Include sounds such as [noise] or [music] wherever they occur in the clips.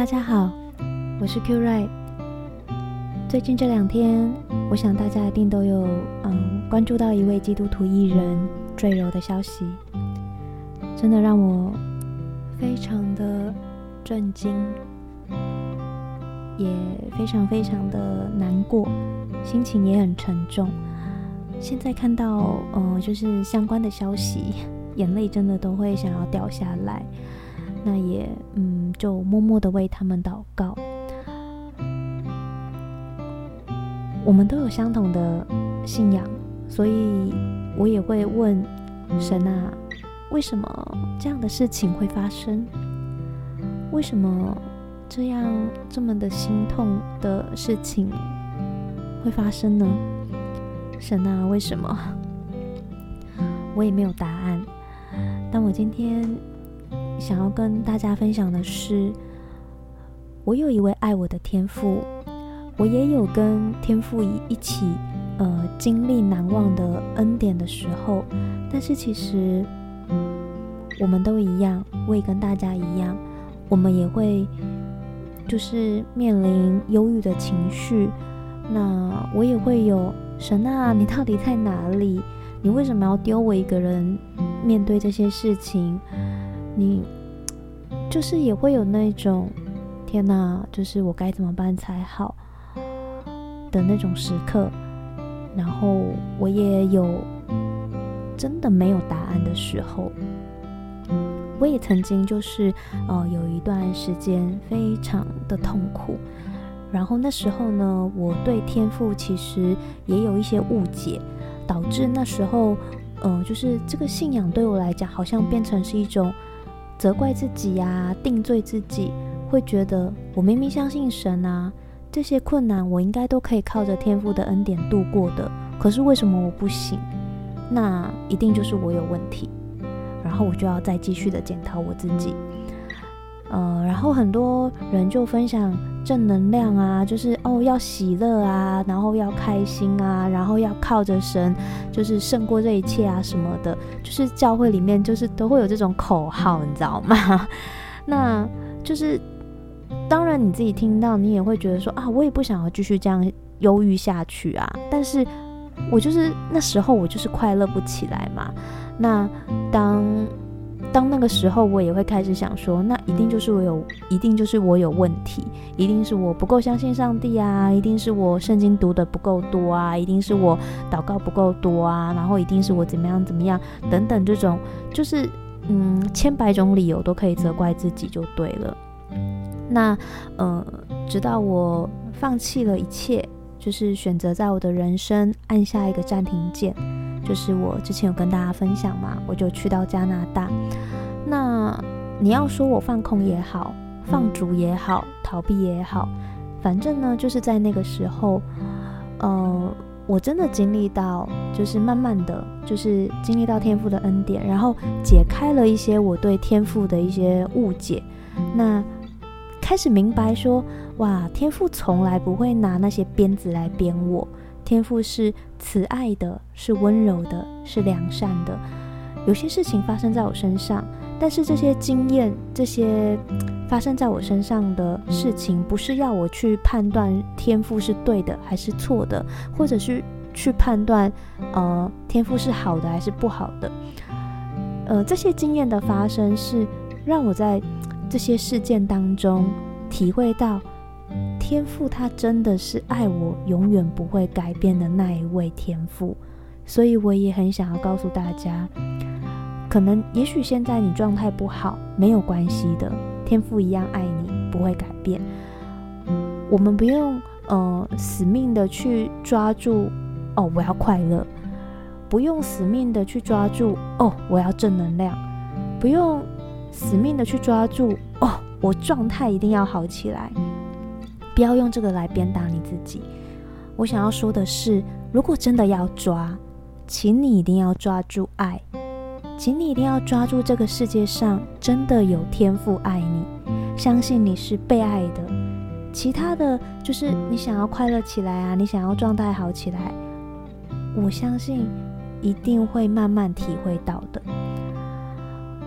大家好，我是 Q Right。最近這兩天，我想大家一定都有嗯關注到一位基督徒藝人墜樓的消息，真的讓我非常的震驚，也非常非常的難過，心情也很沉重。現在看到呃、嗯、就是相關的消息，眼淚真的都會想要掉下來。那也，嗯，就默默的為他們禱告。我們都有相同的信仰，所以我也會問神啊：為什麼這樣的事情會發生？為什麼這樣這麼的心痛的事情會發生呢？神啊，為什麼？我也沒有答案。但我今天，想要跟大家分享的是，我有一位愛我的天父，我也有跟天父一起，呃，經歷難忘的恩典的時候。但是其實，我們都一樣，我也跟大家一樣，我們也會就是面臨憂鬱的情緒。那我也會有，神啊，你到底在哪裡？你為什麼要丟我一個人面對這些事情？你就是也會有那種天哪，就是我該怎麼辦才好，的那種時刻。然後我也有真的沒有答案的時候。嗯、我也曾經就是呃，有一段時間非常的痛苦。然後那時候呢，我對天父其實也有一些誤解，導致那時候呃，就是這個信仰對我來講好像變成是一種。責怪自己呀、啊，定罪自己，會覺得我明明相信神啊，這些困難我應該都可以靠着天父的恩典度過的，可是為什麼我不行？那一定就是我有問題，然後我就要再繼續的檢討我自己。呃，然後很多人就分享，正能量啊，就是哦，要喜樂啊，然後要開心啊，然後要靠着神，就是勝過這一切啊，什麼的，就是教會裡面就是都會有這種口號，你知道嗎？那就是當然你自己聽到，你也會覺得說啊，我也不想要繼續這樣憂鬱下去啊，但是我就是那時候我就是快樂不起來嘛。那當當那個時候，我也會開始想說，那一定就是我有，一定就是我有問題，一定是我不夠相信上帝啊，一定是我聖經讀得不夠多啊，一定是我禱告不夠多啊，然後一定是我怎麼樣怎麼樣等等，這種就是嗯，千百種理由都可以責怪自己就對了。那呃，直到我放棄了一切，就是選擇在我的人生按下一個暫停鍵。就是我之前有跟大家分享嘛，我就去到加拿大。那你要說我放空也好，放逐也好，逃避也好，反正呢，就是在那個時候，嗯，呃，我真的經歷到，就是慢慢的就是經歷到天父的恩典，然後解開了一些我對天父的一些誤解。那開始明白說，哇，天父從來不會拿那些鞭子來鞭我。天父是慈愛的，是溫柔的，是良善的。有些事情發生在我身上，但是這些經驗，這些發生在我身上的事情，不是要我去判斷天父是對的還是錯的，或者是去判斷呃，天父是好的還是不好的。呃，這些經驗的發生是讓我在這些事件當中體會到。天父，他真的是愛我，永遠不會改變的那一位天父。所以，我也很想要告訴大家，可能，也許現在你狀態不好，沒有關係的，天父一樣愛你，不會改變。我們不用呃死命的去抓住哦，我要快樂；不用死命的去抓住哦，我要正能量；不用死命的去抓住哦，我狀態一定要好起來。不要用這個來鞭打你自己。我想要說的是，如果真的要抓，請你一定要抓住愛，請你一定要抓住這個世界上真的有天父愛你，相信你是被愛的。其他的就是你想要快樂起來啊，你想要狀態好起來，我相信一定會慢慢體會到的。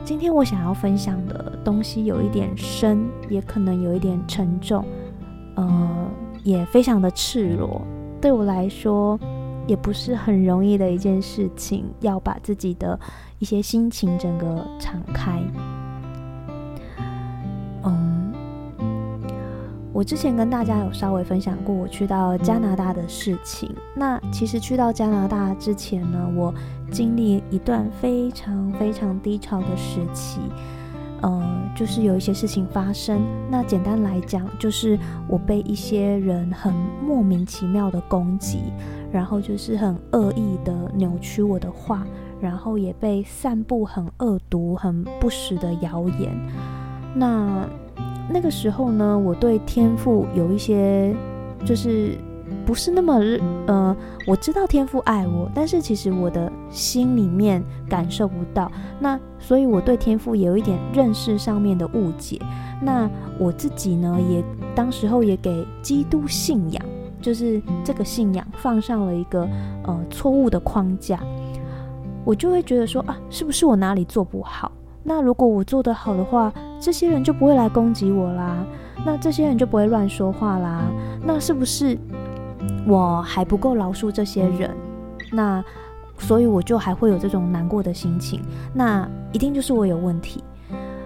今天我想要分享的東西有一點深，也可能有一點沉重。呃，也非常的赤裸，對我來說，也不是很容易的一件事情，要把自己的一些心情整個敞開。嗯，我之前跟大家有稍微分享過我去到加拿大的事情。那其實去到加拿大之前呢，我經歷一段非常非常低潮的時期。呃，就是有一些事情發生。那簡單來講，就是我被一些人很莫名其妙的攻擊，然後就是很惡意的扭曲我的話，然後也被散布很惡毒、很不實的謠言。那那個時候呢，我對天父有一些，就是。不是那麼，呃，我知道天父愛我，但是其實我的心裡面感受不到，那所以我對天父也有一點認識上面的誤解。那我自己呢，也當時候也給基督信仰，就是這個信仰放上了一個呃錯誤的框架，我就會覺得說啊，是不是我哪裡做不好？那如果我做得好的話，這些人就不會來攻擊我啦，那這些人就不會亂說話啦，那是不是？我還不夠饒恕這些人，那所以我就還會有這種難過的心情，那一定就是我有問題，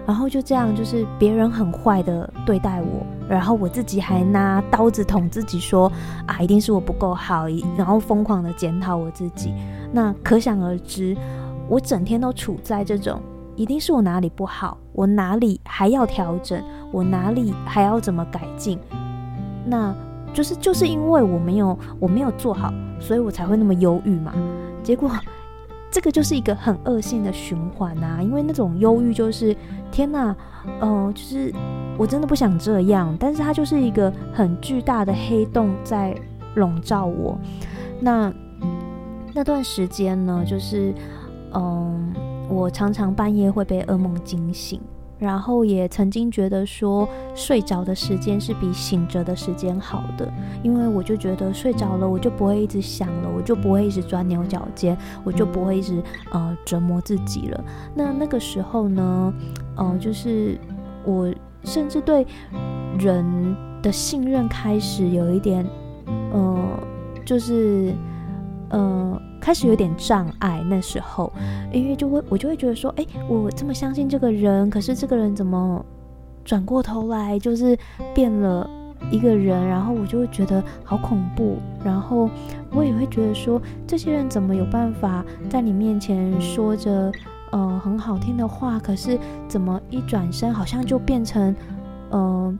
然後就這樣就是別人很壞的對待我，然後我自己還拿刀子捅自己說啊，一定是我不夠好，然後瘋狂的檢討我自己，那可想而知，我整天都處在這種，一定是我哪裡不好，我哪裡還要調整，我哪裡還要怎麼改進，那。就是就是因為我沒有我沒有做好，所以我才會那麼憂鬱嘛。結果，這個就是一個很惡性的循環啊，因為那種憂鬱就是，天吶，嗯、呃，就是我真的不想這樣，但是它就是一個很巨大的黑洞在籠罩我。那那段時間呢，就是嗯、呃，我常常半夜會被噩夢驚醒。然後也曾經覺得說，睡着的時間是比醒着的時間好的，因為我就覺得睡着了，我就不會一直想了，我就不會一直鑽牛角尖，我就不會一直呃折磨自己了。那那個時候呢，呃，就是我甚至對人的信任開始有一點，呃，就是。呃，開始有點障礙。那時候，因為就會我就會覺得說，誒、欸，我這麼相信這個人，可是這個人怎麼轉過頭來就是變了一個人，然後我就會覺得好恐怖。然後我也會覺得說，這些人怎麼有辦法在你面前說着呃，很好聽的話，可是怎麼一轉身好像就變成嗯、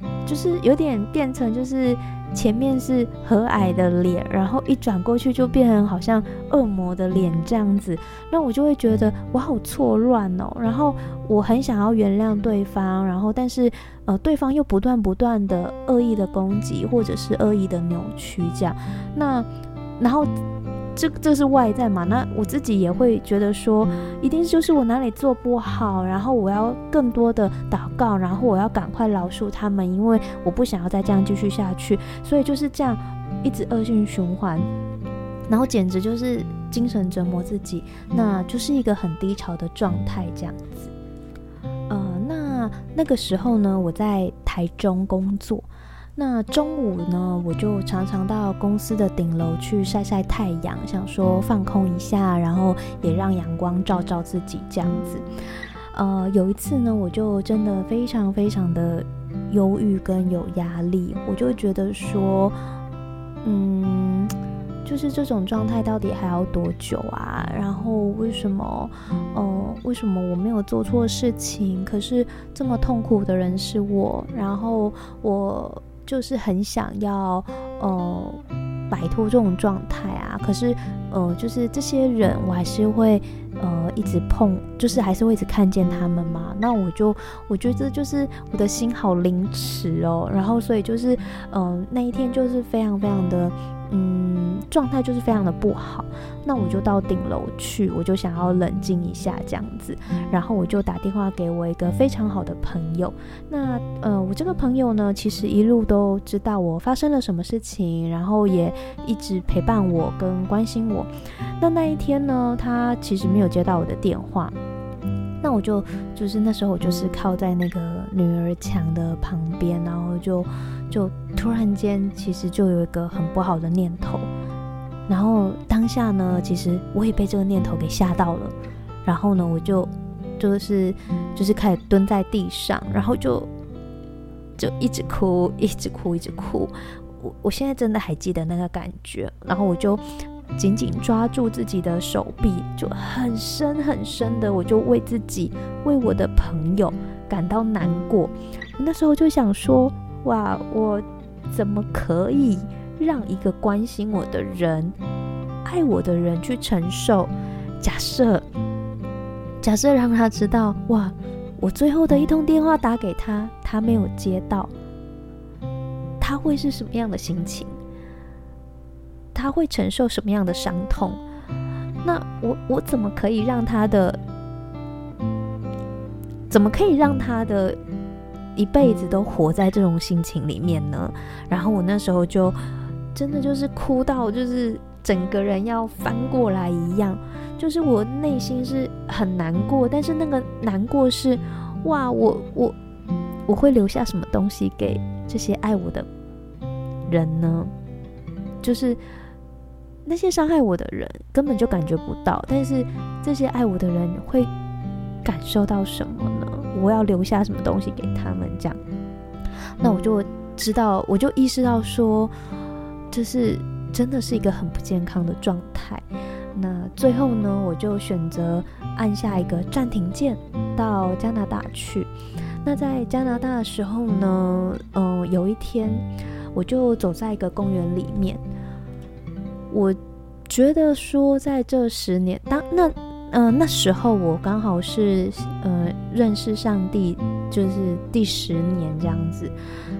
呃，就是有點變成就是。前面是和藹的臉，然後一轉過去就變成好像惡魔的臉這樣子，那我就會覺得我好錯亂哦。然後我很想要原諒對方，然後但是呃對方又不斷不斷的惡意的攻擊或者是惡意的扭曲這樣，那然後。這這是外在嘛？那我自己也會覺得說，一定就是我哪裡做不好，然後我要更多的禱告，然後我要趕快饒恕他們，因為我不想要再這樣繼續下去，所以就是這樣一直惡性循環，然後簡直就是精神折磨自己，那就是一個很低潮的狀態這樣子。呃，那那個時候呢，我在台中工作。那中午呢，我就常常到公司的頂樓去晒晒太陽，想說放空一下，然後也讓陽光照照自己這樣子。呃，有一次呢，我就真的非常非常的憂鬱跟有壓力，我就覺得說，嗯，就是這種狀態到底還要多久啊？然後為什麼，嗯、呃，為什麼我沒有做錯事情，可是這麼痛苦的人是我？然後我。就是很想要，呃，擺脫這種狀態啊。可是，呃，就是這些人我還是會。呃，一直碰，就是還是會一直看見他們嘛。那我就，我覺得就是我的心好凌遲哦。然後，所以就是，嗯、呃，那一天就是非常非常的，嗯，狀態就是非常的不好。那我就到頂樓去，我就想要冷靜一下這樣子。然後我就打電話給我一個非常好的朋友。那，呃，我這個朋友呢，其實一路都知道我發生了什麼事情，然後也一直陪伴我跟關心我。那那一天呢，他其實沒有。接到我的電話，那我就就是那時候我就是靠在那個女兒牆的旁邊，然後就就突然間其實就有一個很不好的念頭，然後當下呢，其實我也被這個念頭給嚇到了，然後呢，我就就是就是開始蹲在地上，然後就就一直哭，一直哭，一直哭，我我現在真的還記得那個感覺，然後我就。緊緊抓住自己的手臂，就很深很深的，我就為自己、為我的朋友感到難過。那時候就想說，哇，我怎麼可以讓一個關心我的人、愛我的人去承受？假設，假設讓他知道，哇，我最後的一通電話打給他，他沒有接到，他會是什麼樣的心情？他會承受什麼樣的傷痛？那我我怎麼可以讓他的，怎麼可以讓他的一輩子都活在這種心情裡面呢？然後我那時候就真的就是哭到就是整個人要翻過來一樣，就是我內心是很難過，但是那個難過是，哇，我我我會留下什麼東西給這些愛我的人呢？就是。那些傷害我的人根本就感覺不到，但是這些愛我的人會感受到什麼呢？我要留下什麼東西給他們？這樣，那我就知道，我就意識到說，這是真的是一個很不健康的狀態。那最後呢，我就選擇按下一個暫停鍵，到加拿大去。那在加拿大的時候呢，嗯，有一天我就走在一個公園裡面。我覺得說，在這十年當那嗯、呃、那時候，我剛好是嗯、呃、認識上帝，就是第十年這樣子。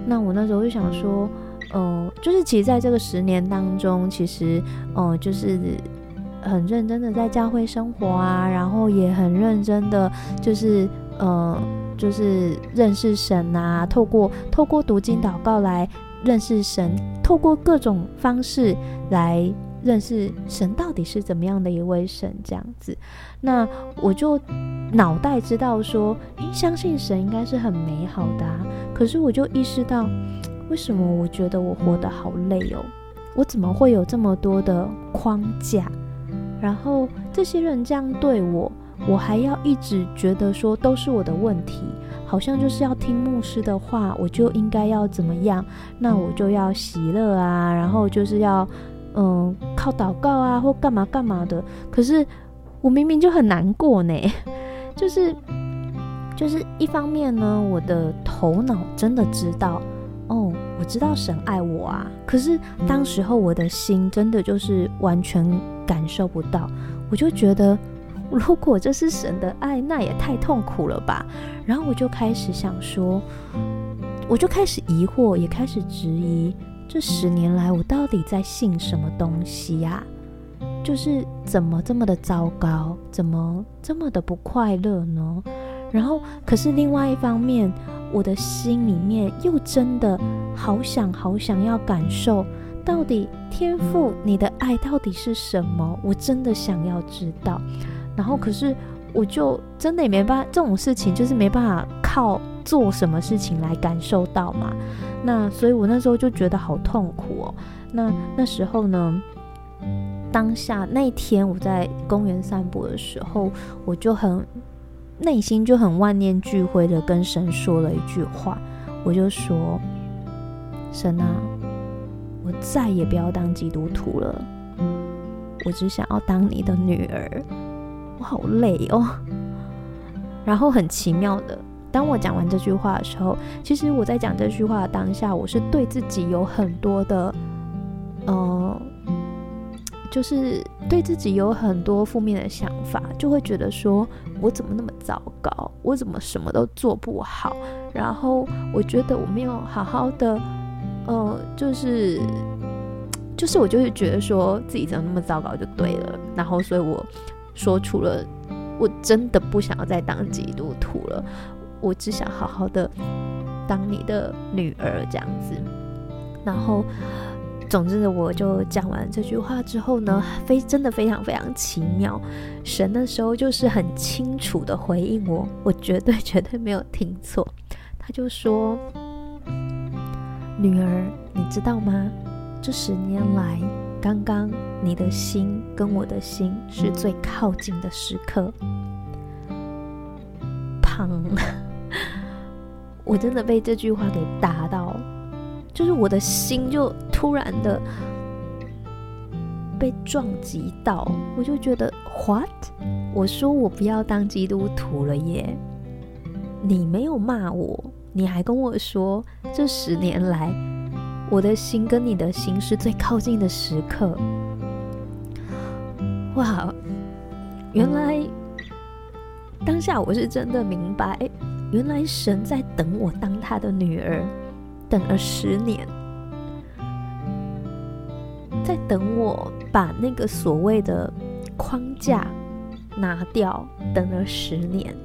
那我那時候就想說，呃，就是其實在這個十年當中，其實呃就是很認真的在教會生活啊，然後也很認真的就是呃就是認識神啊，透過透過讀經禱告來。認識神，透過各種方式來認識神到底是怎麼樣的一位神，這樣子。那我就腦袋知道說，誒，相信神應該是很美好的啊。可是我就意識到，為什麼我覺得我活得好累哦？我怎麼會有這麼多的框架？然後這些人這樣對我，我還要一直覺得說都是我的問題。好像就是要聽牧師的話，我就應該要怎麼樣？那我就要喜樂啊，然後就是要，嗯，靠禱告啊，或幹嘛幹嘛的。可是我明明就很難過呢，就是就是一方面呢，我的頭腦真的知道，哦，我知道神愛我啊。可是當時候我的心真的就是完全感受不到，我就覺得。如果這是神的愛，那也太痛苦了吧。然後我就開始想說，我就開始疑惑，也開始質疑，這十年來我到底在信什麼東西呀、啊？就是怎麼這麼的糟糕，怎麼這麼的不快樂呢？然後，可是另外一方面，我的心裡面又真的好想好想要感受到底天父你的愛到底是什麼？我真的想要知道。然後，可是我就真的也沒辦法，這種事情就是沒辦法靠做什麼事情來感受到嘛。那所以我那時候就覺得好痛苦哦。那那時候呢，當下那天我在公園散步的時候，我就很內心就很萬念俱灰的跟神說了一句話，我就說：“神啊，我再也不要當基督徒了，我只想要當你的女兒。”我好累哦。然後很奇妙的，當我講完這句話的時候，其實我在講這句話的當下，我是對自己有很多的，嗯、呃，就是對自己有很多負面的想法，就會覺得說我怎麼那麼糟糕，我怎麼什麼都做不好？然後我覺得我沒有好好的，嗯、呃，就是就是我就會覺得說自己怎麼那麼糟糕就對了。然後，所以我。說出了我真的不想要再當基督徒了，我只想好好的當你的女兒這樣子。然後，總之我就講完這句話之後呢，非真的非常非常奇妙，神那時候就是很清楚的回應我，我絕對絕對沒有聽錯，他就說：“女兒，你知道嗎？這十年來。”剛剛你的心跟我的心是最靠近的時刻，胖， [laughs] 我真的被這句話給打到，就是我的心就突然的被撞擊到，我就覺得 What？我說我不要當基督徒了耶，你沒有罵我，你還跟我說這十年來。我的心跟你的心是最靠近的時刻。哇，原來當下我是真的明白，原來神在等我當他的女兒，等了十年。在等我把那個所謂的框架拿掉，等了十年。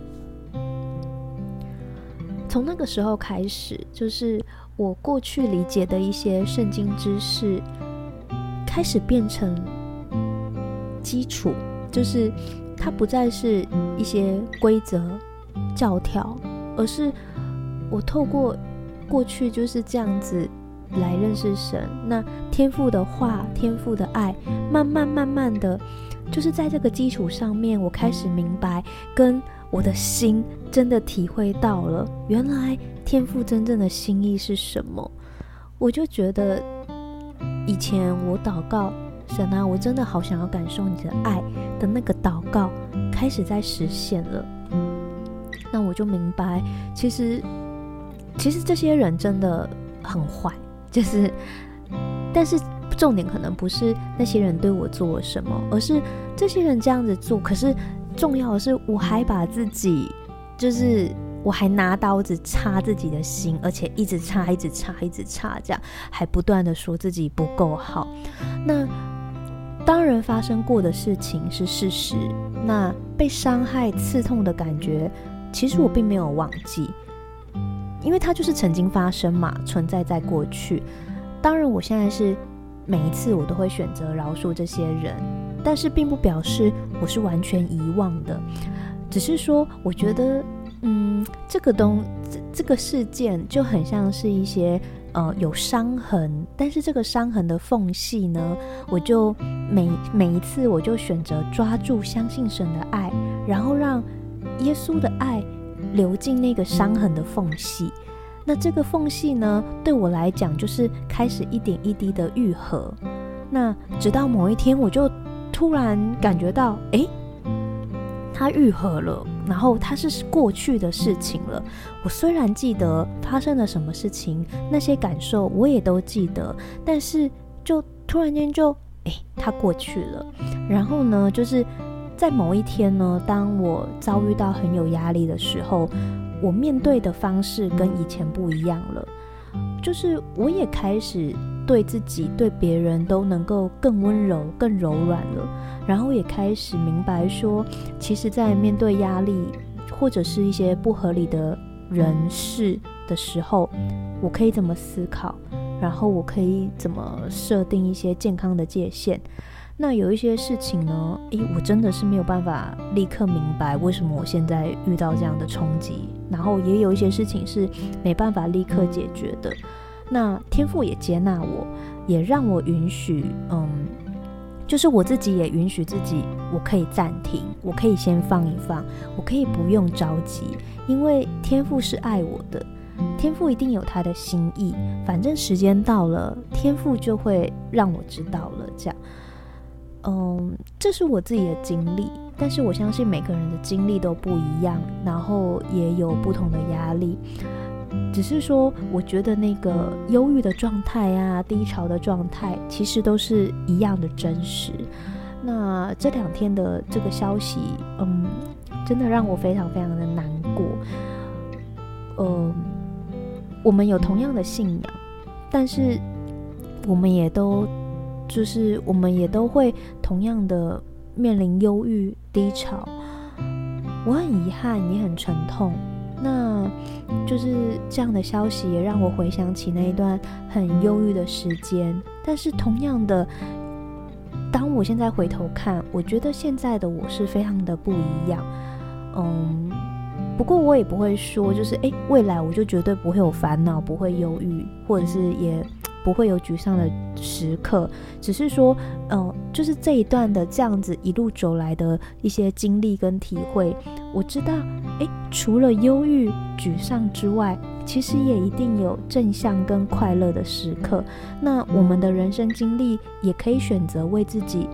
從那個時候開始，就是。我過去理解的一些聖經知識，開始變成基礎，就是它不再是一些規則、教條，而是我透過過去就是這樣子來認識神。那天父的話、天父的愛，慢慢、慢慢的，就是在這個基礎上面，我開始明白跟我的心。真的體會到了，原來天父真正的心意是什麼。我就覺得，以前我禱告神啊，我真的好想要感受你的愛的那個禱告，開始在實現了。那我就明白，其實其實這些人真的很壞，就是，但是重點可能不是那些人對我做了什麼，而是這些人這樣子做。可是重要的是，我還把自己。就是我還拿刀子插自己的心，而且一直插，一直插，一直插，這樣還不斷地說自己不夠好。那當然發生過的事情是事實，那被傷害、刺痛的感覺，其實我並沒有忘記，因為它就是曾經發生嘛，存在在過去。當然，我現在是每一次我都會選擇饒恕這些人，但是並不表示我是完全遺忘的。只是說，我覺得，嗯，這個東這，這個事件就很像是一些，呃，有傷痕，但是這個傷痕的縫隙呢，我就每每一次，我就選擇抓住相信神的愛，然後讓耶穌的愛流進那個傷痕的縫隙，那這個縫隙呢，對我來講就是開始一點一滴的癒合，那直到某一天，我就突然感覺到，哎。它癒合了，然後它是過去的事情了。我雖然記得發生了什麼事情，那些感受我也都記得，但是就突然間就哎、欸，它過去了。然後呢，就是在某一天呢，當我遭遇到很有壓力的時候，我面對的方式跟以前不一樣了，就是我也開始。對自己、對別人都能夠更溫柔、更柔軟了，然後也開始明白說，其實，在面對壓力或者是一些不合理的人事的時候，我可以怎麼思考，然後我可以怎麼設定一些健康的界限。那有一些事情呢，誒，我真的是沒有辦法立刻明白為什麼我現在遇到這樣的衝擊，然後也有一些事情是沒辦法立刻解決的。那天父也接納我，也讓我允許，嗯，就是我自己也允許自己，我可以暫停，我可以先放一放，我可以不用着急，因為天父是愛我的，天父一定有他的心意，反正時間到了，天父就會讓我知道了。這樣，嗯，這是我自己的經歷，但是我相信每個人的經歷都不一樣，然後也有不同的壓力。只是說，我覺得那個憂鬱的狀態啊，低潮的狀態，其實都是一樣的真實。那這兩天的這個消息，嗯，真的讓我非常非常的難過。嗯，我們有同樣的信仰，但是我們也都就是我們也都會同樣的面臨憂鬱、低潮。我很遺憾，也很沉痛。那就是這樣的消息也讓我回想起那一段很憂鬱的時間。但是同樣的，當我現在回頭看，我覺得現在的我是非常的不一樣。嗯，不過我也不會說，就是哎、欸，未來我就絕對不會有煩惱，不會憂鬱，或者是也。不會有沮喪的時刻，只是說，嗯、呃，就是這一段的這樣子一路走來的一些經歷跟體會。我知道，誒，除了憂鬱、沮喪之外，其實也一定有正向跟快樂的時刻。那我們的人生經歷，也可以選擇為自己，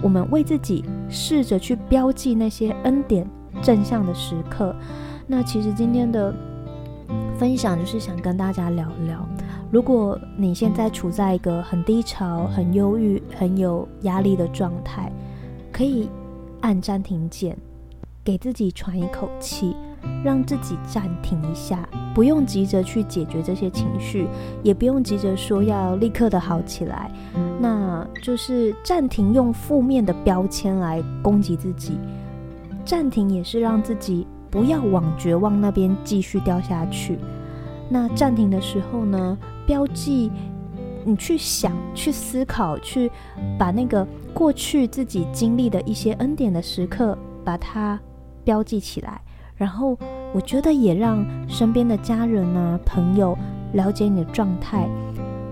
我們為自己試着去標記那些恩典、正向的時刻。那其實今天的。分享就是想跟大家聊聊，如果你現在處在一個很低潮、很憂鬱、很有壓力的狀態，可以按暫停鍵，給自己喘一口氣，讓自己暫停一下，不用急着去解決這些情緒，也不用急着說要立刻的好起來。那就是暫停，用負面的標籤來攻擊自己，暫停也是讓自己。不要往絕望那邊繼續掉下去。那暫停的時候呢，標記，你去想、去思考、去把那個過去自己經歷的一些恩典的時刻，把它標記起來。然後我覺得也讓身邊的家人啊、朋友了解你的狀態，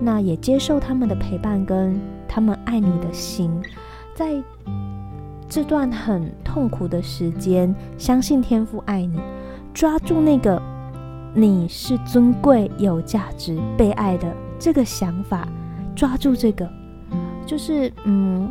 那也接受他們的陪伴跟他們愛你的心，在。這段很痛苦的時間，相信天父愛你，抓住那個你是尊貴、有價值、被愛的這個想法，抓住這個，就是嗯，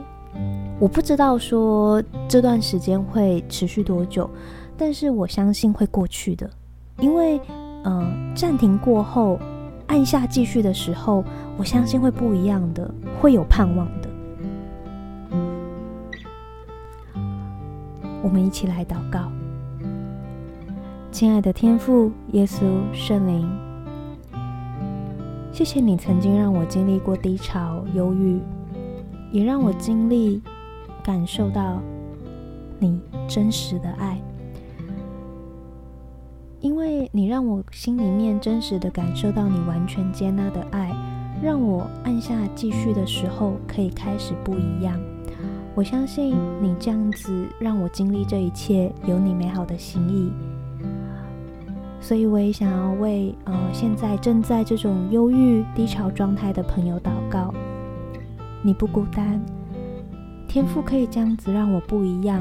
我不知道說這段時間會持續多久，但是我相信會過去的，因為嗯，呃，暫停過後按下繼續的時候，我相信會不一樣的，會有盼望的。我們一起來禱告，親愛的天父耶穌聖靈，謝謝你曾經讓我經歷過低潮、憂鬱，也讓我經歷感受到你真實的愛，因為你讓我心裡面真實的感受到你完全接納的愛，讓我按下繼續的時候可以開始不一樣。我相信你這樣子讓我經歷這一切，有你美好的心意，所以我也想要為呃現在正在這種憂鬱低潮狀態的朋友禱告。你不孤單，天父可以這樣子讓我不一樣，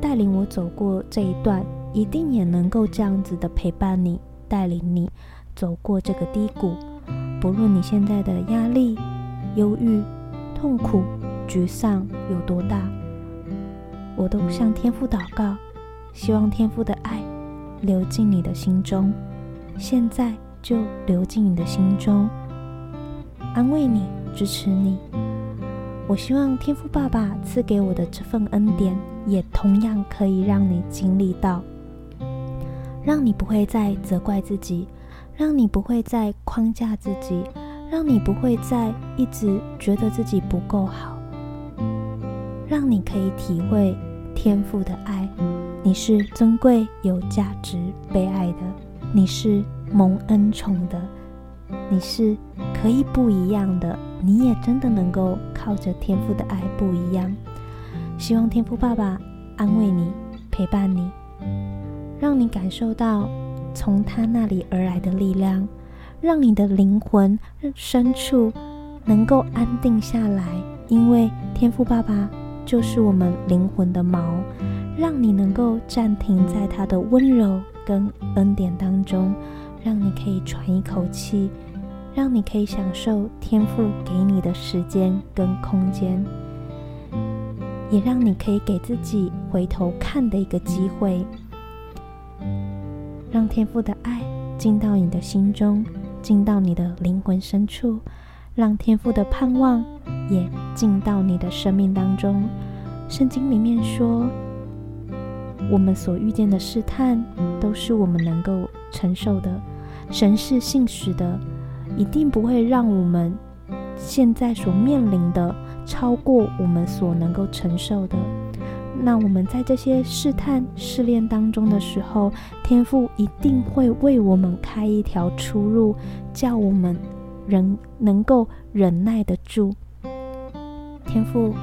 帶領我走過這一段，一定也能夠這樣子的陪伴你，帶領你走過這個低谷。不論你現在的壓力、憂鬱、痛苦、沮喪有多大，我都向天父禱告，希望天父的愛流進你的心中，現在就流進你的心中，安慰你，支持你。我希望天父爸爸賜給我的這份恩典，也同樣可以讓你經歷到，讓你不會再責怪自己，讓你不會再框架自己，讓你不會再一直覺得自己不夠好。讓你可以體會天父的愛，你是尊貴、有價值、被愛的，你是蒙恩寵的，你是可以不一樣的，你也真的能夠靠着天父的愛不一樣。希望天父爸爸安慰你、陪伴你，讓你感受到從他那裡而來的力量，讓你的靈魂深處能夠安定下來，因為天父爸爸。就是我們靈魂的錨，讓你能夠暫停在他的溫柔跟恩典當中，讓你可以喘一口氣，讓你可以享受天父給你的時間跟空間，也讓你可以給自己回頭看的一個機會，讓天父的愛進到你的心中，進到你的靈魂深處。讓天父的盼望也進到你的生命當中。聖經裡面說：“我們所遇見的試探，都是我們能夠承受的。神是信實的，一定不會讓我們現在所面臨的超過我們所能夠承受的。”那我們在這些試探、試煉當中的時候，天父一定會為我們開一條出路，叫我們。人能夠忍耐得住，天父，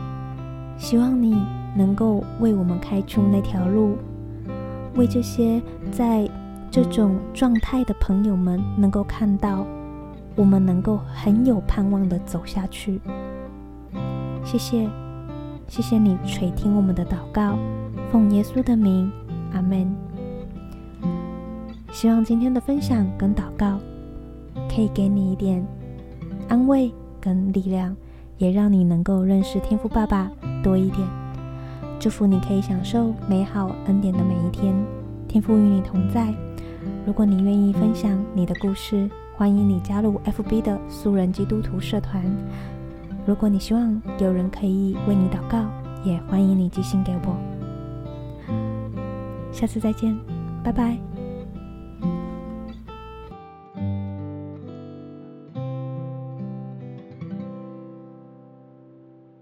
希望你能夠為我們開出那條路，為這些在這種狀態的朋友們能夠看到，我們能夠很有盼望的走下去。謝謝，謝謝你垂聽我們的禱告，奉耶穌的名，阿門。嗯，希望今天的分享跟禱告，可以給你一點安慰跟力量，也讓你能夠認識天父爸爸多一點。祝福你可以享受美好恩典的每一天，天父與你同在。如果你願意分享你的故事，歡迎你加入 FB 的素人基督徒社團。如果你希望有人可以為你禱告，也歡迎你寄信給我。下次再見，拜拜。